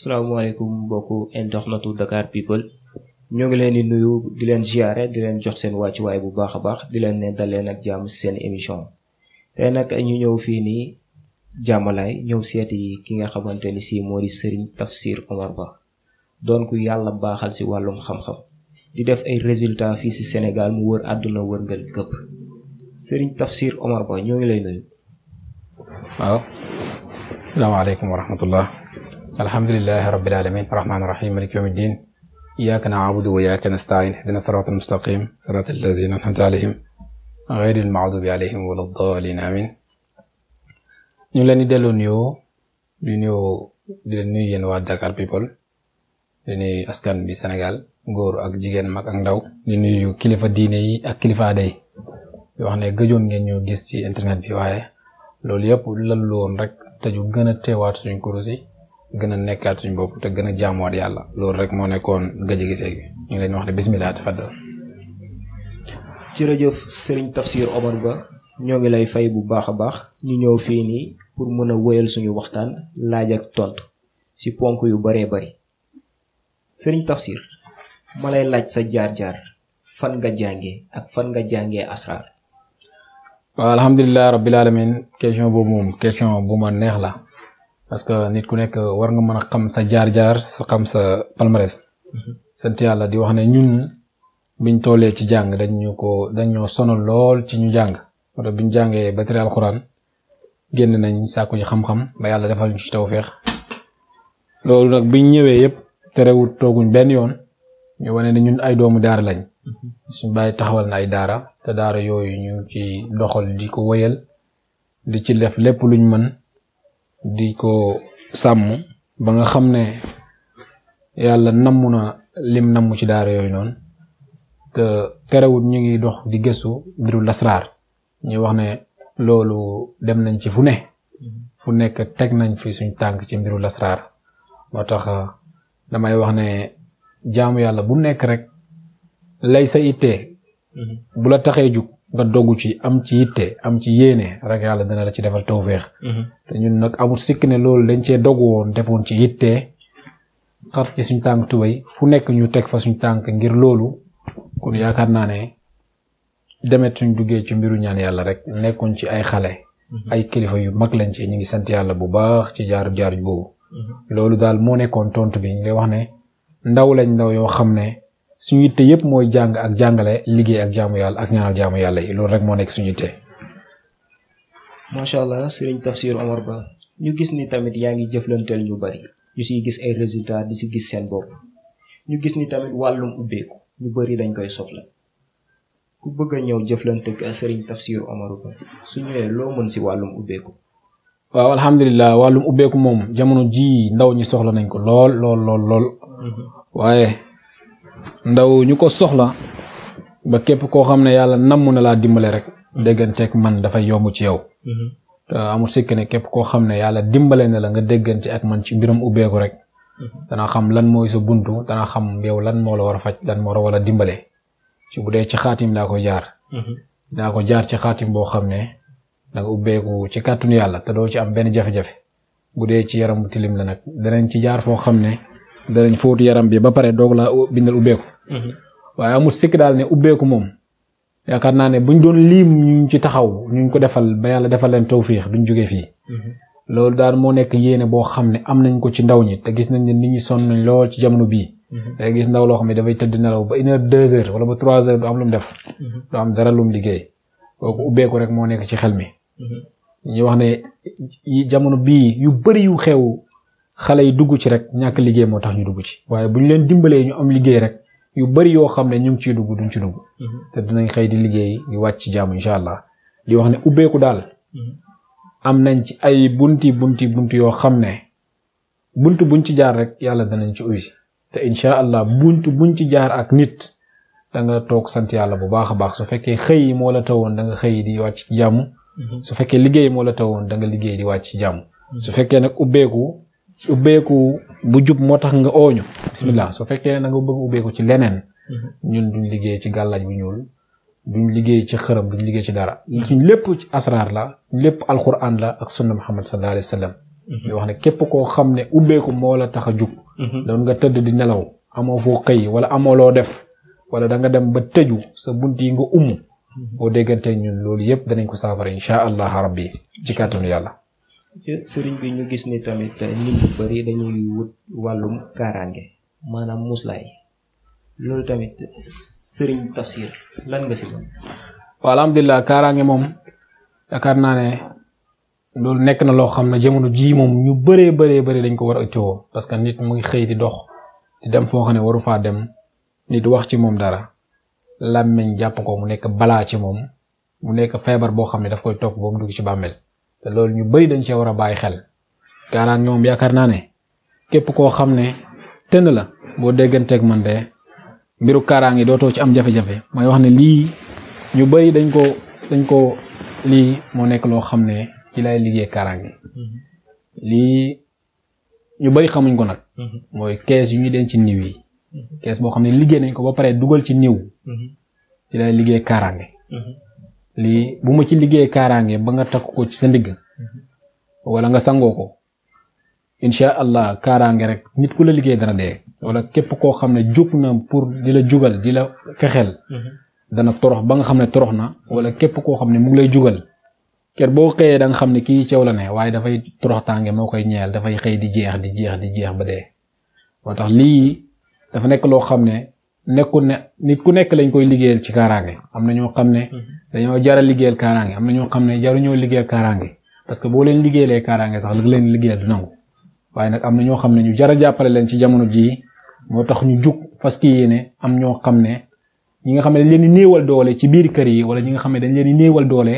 salaamaaleykum mbokku internetu Dakar People ñoo ngi leen di nuyu di leen ziare di leen jox seen wàccuwaay bu baax a baax di leen ne dal leen ak jàmm si seen émission tey nag ñu ñëw fii nii jàmmalaay ñëw seeti ki nga xamante ni si moo di sëriñ Tafsir Omar Ba doon ku yàlla baaxal si wàllum xam-xam di def ay résultats fii si senegal mu wër àdduna wërngal këpp sëriñ Tafsir Omar Ba ñoo ngi lay nuyu. waaw salaamaaleykum wa rahmatullah alhamdulilahi rabbil alamin rahmaani rahim maliki yawmi din iyyaka na'budu wa iyyaka nasta'in ihdina siratal mustaqim siratal lazina an'amta alayhim ghayril maghdubi alayhim waladdallin amin ñu leen di delloo nuyoo di nuyoo di leen nuyu yéen waa Dakar People di nuyu askan bi Sénégal góor ak jigéen mag ak ndaw di nuyu kilifa diine yi ak kilifa aada yi wax ne gëjoon ngeen ñu gis ci internet bi waaye loolu yëpp lan la woon rek te ñu gën a teewaat suñu kurus yi gën a nekkaat suñ bopp te gën a jaamuwaat yàlla loolu rek moo nekkoon gëj a gisee gi ñu leen wax ne bismillah tafaddal jërëjëf sëriñ Tafsir Omar Ba ñoo ngi lay fay bu baax a baax ñu ñëw fii nii pour mën a wéyal suñu waxtaan laaj ak tontu ci ponk yu baree bari sëriñ Tafsir ma lay laaj sa jaar-jaar fan nga jàngee ak fan nga jàngee asraar. waaw alhamdulilah rabbil alamin question boobu moom question bu ma neex la. parce que nit ku nekk war nga mën a xam sa jaar-jaar sa xam sa palmarès. Mhm. sant yàlla di wax ne ñun biñ toolee ci jàng dañ ko dañ ñoo sonal lool ci ñu jàng wala biñ jàngee ba tere alxuraan génn nañ sàkku ji xam-xam ba yàlla defal ñu ci tawféex loolu nag biñ ñëwee yëpp terewut tooguñ benn yoon ñu wane ne ñun ay doomu daara lañ mhm. suñ bàyyi taxawal na ay daara te daara yooyu ñu ci doxol di ko wëyal di ci def lépp luñ mën. di ko sàmm ba nga xam ne yàlla nammu na lim nammu ci daar yooyu noonu te terewut ñu ngi dox di gëstu mbiru lasraar ñuy wax ne loolu dem nañ ci fu ne fu nekk teg nañ fi suñ tànk ci mbiru lasraar moo tax euh, damay wax ne jaamu yàlla bu nekk rek lay sa ittee mm-hmm. bu la taxee jug nga dogg ci am ci yitte am ci yéene rek yàlla dana la ci defal tawféex mhm. te ñun nag amul sikk ne loolu dañ cee dogg woon defoon ci yitte xar ci suñ tànk tubay fu nekk ñu teg fa suñ tànk ngir loolu kon yaakaar naa ne demet suñ duggee ci mbiru ñaan yàlla rek nekkoon ci ay xale mhm. ay kilifa yu mag lañ ci ñu ngi sant yàlla bu baax ci jaaru jaaruj boobu mhm. loolu daal moo nekkoon tontu bi ñu wax ne ndaw lañ ndaw yoo xam ne suñu yitte yëpp mooy jàng ak jàngale liggéey ak jaamu yàlla ak ñaanal jaamu yàlla yi loolu rek moo nekk suñu yitte. macha allah sëriñ Tafsir Omar Ba ñu gis ni tamit yaa ngi jëflanteel ñu bari ñu si gis ay résultats di si gis seen bopp ñu gis ni tamit wàllum ubbeeku ñu bari dañ koy soxla ku bëgg a ñëw jëflanteeg sëriñ Tafsir Omar Ba su ñëwee loo mën si wàllum ubbeeku. waaw alhamdulilah wàllum ubbeeku moom jamono jii ndaw ñi soxla nañ ko lool lool mhm. ndaw ñu ko soxla ba képp koo xam ne yàlla namm na laa dimbale rek dégganteeg man dafa yomb ci yow. Mm-hmm. te amul sikk ne képp koo xam ne yàlla dimbale na la nga déggante ak man ci mbiram ubbeeku rek. Mm-hmm. dana xam lan mooy sa buntu dana xam yow lan moo la war a faj lan moo la war a dimbale ci bu dee ci xaatim laa ko jaar. Mm-hmm. dinaa ko jaar ci xaatim boo xam ne da nga ubbeeku ci kàttanu yàlla te doo ci am benn jafe-jafe bu dee ci yaramu tilim la nag danañ foo xam ne. danañ fóotu yaram bi ba pare doog la bindal ubbeeku. Mhm. waaye amul sikk daal ne ubbeeku moom yaakaar naa ne buñ doon liim ñu ci taxaw ñu ko defal ba yàlla defal leen tawfiix duñ jógee fii. Mhm. loolu daal moo nekk yéene boo xam ne am nañ ko ci ndaw ñi te gis nañ ne nit ñi sonn nañ lool ci jamono bii. Mhm. day gis ndaw loo xam ne dafay tëdd nelaw ba une heure deux heures wala ba trois heures du def. du dara lu mu rek moo nekk ci xel mi. ñu wax ne jamono bii yu bari yu xew xale yi dugg ci rek ñàkk liggéey moo tax ñu dugg ci waaye bu ñu leen dimbalee ñu am liggéey rek yu bari yoo xam ne ñu ngi ciy dugg duñ ci dugg mhm. te dinañ xëy di liggéey wàcc ci jàmm incha allah di wax ne ubbeeku daal mhm. am nañ ci ay bunti bunti bunti yoo xam ne bunt buñ ci jaar rek yàlla danañ ci uysi te incha bunt buñ ci jaar ak nit da nga toog sant yàlla bu baax a baax su xëy yi moo la tawoon da xëy di wàcc ci jàmm mhm. su fekkee liggéey moo la tawoon da nga liggéey di wàcc ci jàmm su fekkee nag ubbeeku ubbeeku bu jub moo tax nga ooñu bismillah soo fekkee ne da nga ubbeeku ci leneen mhm. ñun duñ liggéey ci gàllaaj bi ñuul duñ liggéey ci xërëm duñ liggéey ci dara mhm. suñ lépp ci asraar la lépp alquran la ak sunna muhammad sallallahu alayhi wa sallam mhm. di wax ne képp koo xam ne ubbeeku moo la tax a jub doon nga tëdd di nelaw amoo foo xëy wala amoo loo def wala danga dem ba tëju sa bunt yi nga umu boo déggante ñun loolu yëpp danañ ko saafara insha allah rabbi ci kàttanu yàlla sëriñ bi ñu gis ni tamit nit ñu bari dañuy wut wàllum kaaraange maanaam muslaay loolu tamit sëriñ Tafsir lan nga si mën. waaw alhamdulilah kaaraange moom yaakaar naa ne loolu nekk na loo xam ne jamono jii moom ñu bëree bëree bëri dañ ko war a ëccoo parce que nit mu ngi xëy di dox di dem foo xam ne waru faa dem nit wax ci moom dara làmmiñ jàpp ko mu nekk balaa ci moom mu nekk feebar boo xam ne daf koy toog ba mu dugg ci bàmmeel. te loolu ñu bari dañ cee war a bàyyi xel kaaraange moom yaakaar naa ne képp koo xam ne tën la boo dégganteeg man de mbiru kaaraange dootoo ci am jafe-jafe mooy wax ne lii ñu bari dañ ko dañ ko lii moo nekk loo xam ne ci liggéey kaaraange mm-hmm. lii ñu bëri xamuñ ko nag mm-hmm. mooy kees yu ci niw yi mm-hmm. kees boo xam ne liggéey nañ ko ba pare dugal ci niw ci lay liggéey kaaraange lii bu ma ci liggéey kaaraange ba nga takk ko ci sa ndigg wala nga sangoo ko incha allah kaaraange rek nit ku la liggéey dana dee wala képp koo xam ne jug na pour di la jugal di la fexeel dana torox ba nga xam ne torox na wala képp koo xam ne mu ngi lay jugal kër boo xëyee danga xam ne kii cew la ne waaye dafay torox tànge moo koy ñeel dafay xëy di jeex di jeex jeex ba dee moo tax lii dafa nekk loo xam ne nekkul ne nit ku nekk lañ koy liggéeyal ci kaaraange am na ñoo xam ne mhm. dañoo jara liggéeyal kaaraange am na ñoo xam ne jaruñoo liggéeyal kaaraange parce que boo leen liggéeyalee kaaraange sax li leen liggéeyal du nangu waaye nag am na ñoo xam ne ñu jara jàppale leen ci jamono jii moo tax ñu jug fas ki yéene am ñoo xam ne ñi nga xam ne dañ leen di néewal doole ci biir kër yi wala ñi nga xam ne dañ leen di néewal doole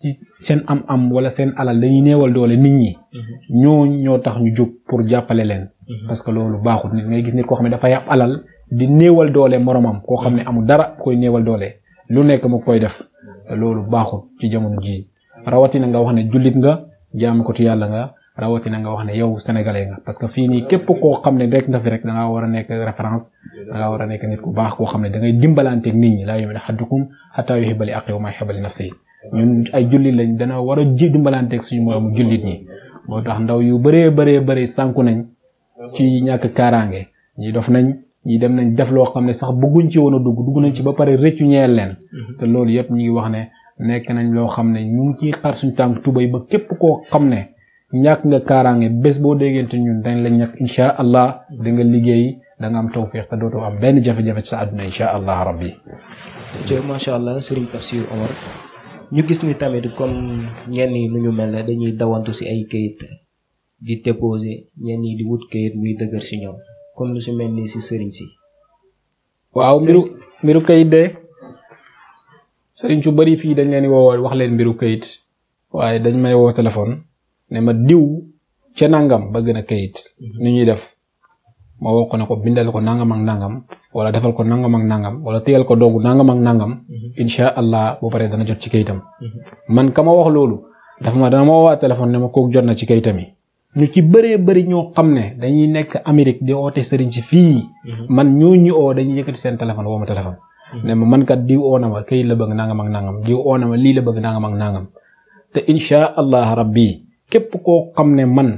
ci seen am-am wala seen alal dañuy néewal doole nit ñi mhm. ñoo ñoo tax ñu jug pour jàppale leen mhm. parce que loolu baaxut nit ngay gis nit koo xam ne dafa yàpp alal di néewal doole moromam koo xam ne mm-hmm. amul dara koy néewal doole lu nekk mu koy def te loolu baaxul ci jamono ji rawatina nga wax ne jullit nga jaam ko ci yàlla nga rawatina nga wax ne yow sénégalais nga parce que fii nii képp koo xam ne rek nga fi rek da ngaa war nekk référence war a nekk nit ku baax xam ne da ngay dimbalanteeg nit ñi laa yu'minu ahadukum hattaa yuhibba li axi wa maa yuhibbu li nafsi ñun ay jullit lañ dana war a ji dimbalanteeg suñu moroomu jullit ñi moo tax ndaw yu bëree bëree bëri sànku nañ ci ñàkk kaaraange ñi dof nañ ñi dem nañ def loo xam ne sax bëgguñ ci woon dugg dugg nañ ci ba pare rëccu ñeel leen mm-hmm. te loolu yëpp ñu ngi wax ne nekk nañ loo xam ne ñu ngi ciy xar suñu tànk tubay ba képp koo xam ne ñàkk nga kaaraange bés boo déggante ñu dañ la ñàkk incha allah da nga liggéey da am tawféex te dootoo am benn jafe-jafe ci sa àdduna allah rabbi. jërëjëf macha allah Serigne Tafsir ñu gis ni tamit comme ñenn ñi nu ñu mel ne dañuy dawantu si ay kayit di déposé ñenn ñi di wut kayit muy dëgër si ñoom. kon lu ci mel nii si sëriñ si. waaw mbiru mbiru kayit de sëriñ su bari fii dañ leen woo wax leen mbiru kayit waaye dañ may woo téléphone ne ma diw ca nangam ba gën a kayit mhm. nu ñuy def ma woo ko ne ko bindal ko nangam ak nangam wala defal ko nangam ak nangam wala téyal ko doogu nangam ak nangam mhm. incha allah bu paree dana jot ci kayitam mhm. man ka ma wax loolu dafa ma dana ma woo téléphone ne ma kooku jot na ci kayitam yi ñu ci bëree bëri ñoo xam ne dañuy nekk Amérique di oote sëriñ si fii. Mhm. man ñoo ñu oo dañuy yëkkati seen téléphone woo ma téléphone. Mhm. ne ma man kat diw oo na ma këyit la bëgg nangam ak nangam diw oo na ma lii la bëgg nangam ak nangam. te incha allah rabbi képp koo xam ne man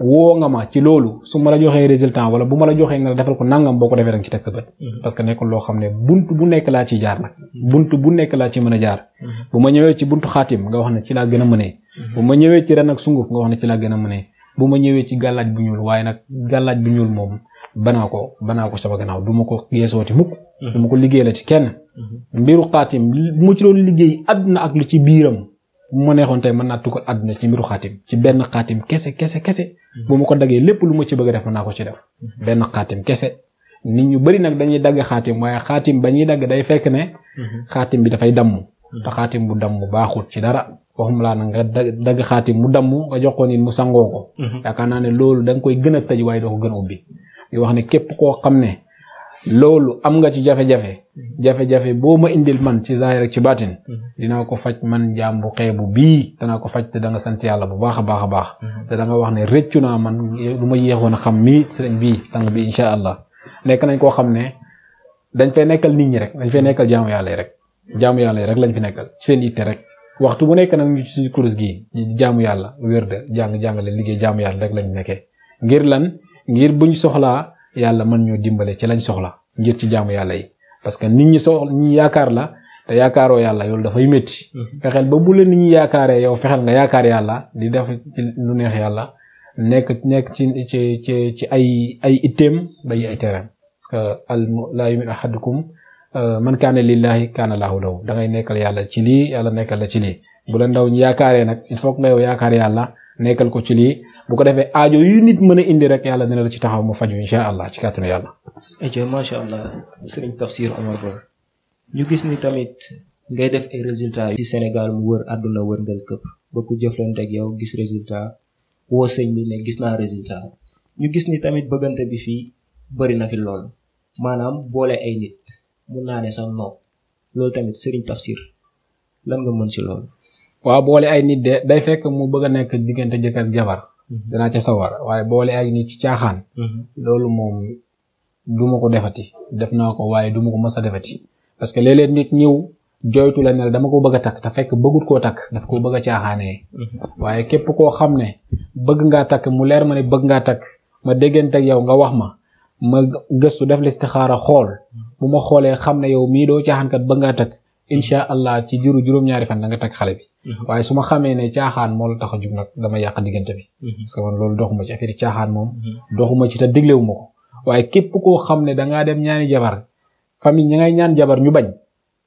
woo nga ma ci loolu su ma la joxee résultant wala bu ma la joxee nga defal ko nangam boo ko defee danga ci teg sa bët. Mhm. parce que nekkul loo xam ne bunt bu nekk laa ci jaar nag. bunt bu nekk laa ci mën a jaar. bu ma ñëwee ci buntu xaatim nga wax ne ci laa gën a mënee. bu ma ñëwee ci ren ak sunguf nga wax ne ci laa gën a mënee bu ma ñëwee ci gàllaaj bu ñuul waaye nag gàllaaj bu ñuul moom banaa ko banaa ko sama gannaaw du ma ko ti mukk mm-hmm. du ma ko liggéey la ci kenn mm-hmm. mbiru xaatim mu ci liggéey àdduna ak lu ci biiram bu ma neexoon tey mën naa tukkal àdduna ci mbiru xaatim ci benn xaatim kese kese kese mm-hmm. bu ma ko daggee lépp lu ma ci bëgg a def naa ko ci def benn xaatim kese nit ñu bëri nag dañuy dagg xaatim waaye xaatim ba ñuy dagg day fekk ne xaatim bi dafay damm te xaatim bu damm baaxut ci dara waxumala nag nga dagg xaati mu damm nga jox ko nit mu sangoo ko. Mhm. yaakaar naa ne loolu danga nga koy gën a tëj waaye doo ko gën a ubbi. di wax ne képp koo xam ne loolu am nga ci jafe-jafe. jafe boo ma indil man ci zaahir rek ci baatin. Mhm. dinaa ko faj man jaam bu xeebu bii danaa ko faj te da nga sant yàlla bu baax a baax a baax. Mhm. te da nga wax ne rëccu naa man lu ma yéexoon a xam mii sëriñ bii sang bi incha allah nekk nañ koo xam ne dañ fay nekkal nit ñi rek dañ fay nekkal jaamu yàlla yi rek. jaamu yàlla rek lañ fi nekkal ci seen itte rek. waxtu bu nekk nag ñu ci suñu kurus gii di jaamu yàlla wér de jàng jàngale liggéey jaamu yàlla rek lañ nekkee ngir lan ngir buñ soxlaa yàlla mën ñoo dimbale ci lañ soxla ngir ci jaamu yàlla yi parce que nit ñi soxla yaakaar la te yaakaaroo yàlla yow dafay métti mm-hmm. fexeel ba bu la nit ñi yaakaaree yow fexeel nga yaakaar yàlla di def ci lu neex yàlla nekk nekk ci ci ci ci ay ay itteem bay ay tereem parce que al a xadd ahadukum Euh, man kaana lillahi kaana laahu lahu da nekkal yàlla ci lii yàlla nekkal la ci lii bu la ndaw ñi yaakaaree nag il faut que nga yow yaakaar yàlla nekkal ko ci lii bu ko defee aajo yu nit mën a indi rek yàlla dina la ci taxaw mu faju incha allah ci kàttanu yàlla. ayca macha allah sëriñ Tafsir Omar Ba ñu gis ni tamit ngay def ay résultats ci Sénégal mu wër àdduna wërngal këpp ba ku jëflante ak yow gis résultat woo sëñ bi ne gis naa résultat ñu gis ni tamit bëggante bi fii bëri na fi lool maanaam boole ay nit. mun naa ne sax non loolu tamit Serigne Tafsir lan nga mën si loolu. waaw boole ay nit de day fekk mu bëgg a nekk diggante jëkkër jabar. Mhm. danaa ca sawar waaye boole ay nit ci caaxaan. Mhm. loolu moom du ma ko defati. def naa ko waaye du ma ko mës a defati. parce que léeg nit ñëw jooytu la ne dama ko bëgg a takk te fekk bëggut koo takk daf koo bëgg a caaxaanee. Mhm. waaye képp koo xam ne bëgg ngaa takk mu leer ma ne bëgg ngaa takk ma déggante ak yow nga wax ma ma gëstu def listixaara xool bu ma xoolee xam ne yow mii doo caaxaankat ba ngaa takk mm-hmm. incha allah ci juru juróom-ñaari fan da takk xale bi mm-hmm. waaye su ma xamee ne caaxaan moo tax a jug nag dama yàq diggante mm-hmm. koo xam ne dangaa dem ñaani jabar famille ñi ngay ñaan jabar ñu bañ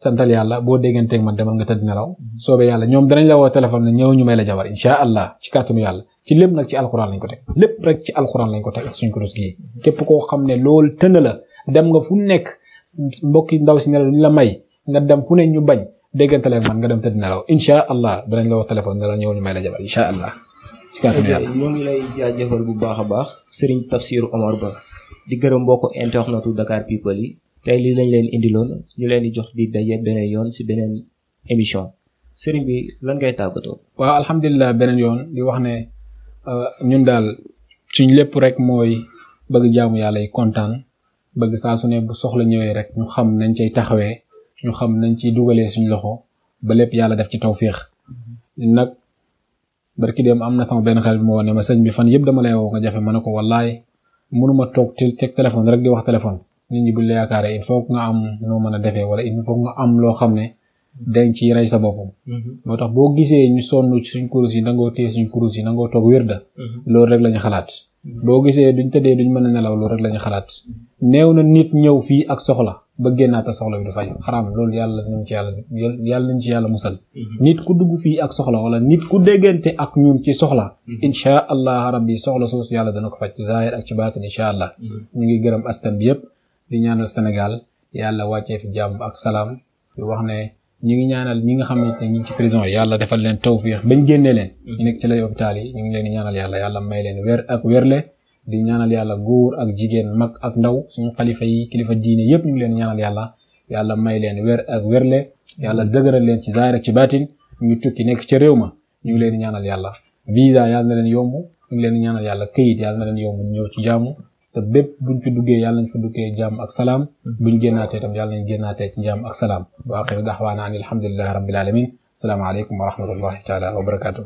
santal yàlla boo dégganteeg man demal nga tëdd nelaw soobee yàlla ñoom danañ la woo téléphone ne ñëw may la jabar incha allah ci kàttanu yàlla ci lépp nag ci alxuraan lañ ko teg lépp rek ci alxuraan lañ ko teg ak suñ kurus gii képp koo xam ne loolu tëna la dem nga fu nekk mbokki ndaw si nelaw ñu la may nga dem fu ne ñu bañ déggante ak man nga dem tëdd nelaw incha allah danañ la wax téléphone ne la ñëw ñu may la jabar incha allah. ci kàttanu yàlla ñoo bu baax a baax Serigne Tafsirou Omar Ba di gërëm mbokku internetu Dakar People yi tey lii lañ leen indiloon ñu leen di jox di daje beneen yoon si beneen émission sëriñ bi lan ngay tàggatoo. waaw alhamdulilah beneen yoon di wax ne euh, ñun daal suñ lépp rek mooy bëgg jaamu yàlla yi kontaan bëgg saa su ne bu soxla ñëwee rek ñu xam nañ cay taxawee ñu xam nañ ciy dugalee suñ loxo ba lépp yàlla def ci tawféex nag barki dem am na sama benn xarit moo ne ma sëñ bi fan yëpp dama lay woo nga jafe ma ne ko wallaay mënuma toog teg téléphone rek di wax téléphone nit ñi bu la yaakaaree il faut nga am noo mën a defee wala il faut nga am loo xam ne denc ci rey sa bopp mhm. moo tax boo gisee ñu sonn ci suñ kurus yi nangoo téye suñu kurus yi nangoo toog wér da mhm. loolu rek lañu xalaat mhm. boo gisee duñ tëddee duñ mën a nelaw loolu rek lañu xalaat new na nit ñëw fii ak soxla ba génnaata soxla bi du faju xaraam loolu yàlla nañ ci yàlla yàlla nañ ci yàlla musal nit ku dugg fii ak soxla wala nit ku déggante ak ñun ci soxla inchaa allah rabbi soxla soosu yàlla dana ko faj ci zaahir ak ci baatin inchaa allah ñu ngi gërëm askan bi yëpp di ñaanal Sénégal yàlla wàccee fi jàmm ak salaam di ñu ngi ñaanal ñi nga xamante ne ñu ngi ci prison yi yàlla defal leen tawfiix bañ génnee leen mm-hmm. ñu nekk ci lay hôpital yi ñu ngi leen di yàlla yàlla may leen wér ak wérle di ñaanal yàlla góor ak jigéen mag ak ndaw suñu xalifa yi kilifa diine yëpp ñu ngi leen ñaanal yàlla yàlla may leen wér ak wérle yàlla dëgëral leen ci zaahir ci baatin ñu ngi tukki nekk ca réew ma ñu ngi leen di ñaanal yàlla visa yàlla na leen yomb ñu ngi leen di ñaanal yàlla këyit yàlla na leen yomb ñëw ci jaamu te bépp buñ fi duggee yàlla nañ fi duggee jàmm ak salaam mm-hmm. buñ génnaatee tam yàlla nañ génnaatee ci jàmm ak salaam wa axiru daxwaana an alhamdulilahi rabbil alamin asalaamaaleykum wa rahmatullahi taala wa barakaatu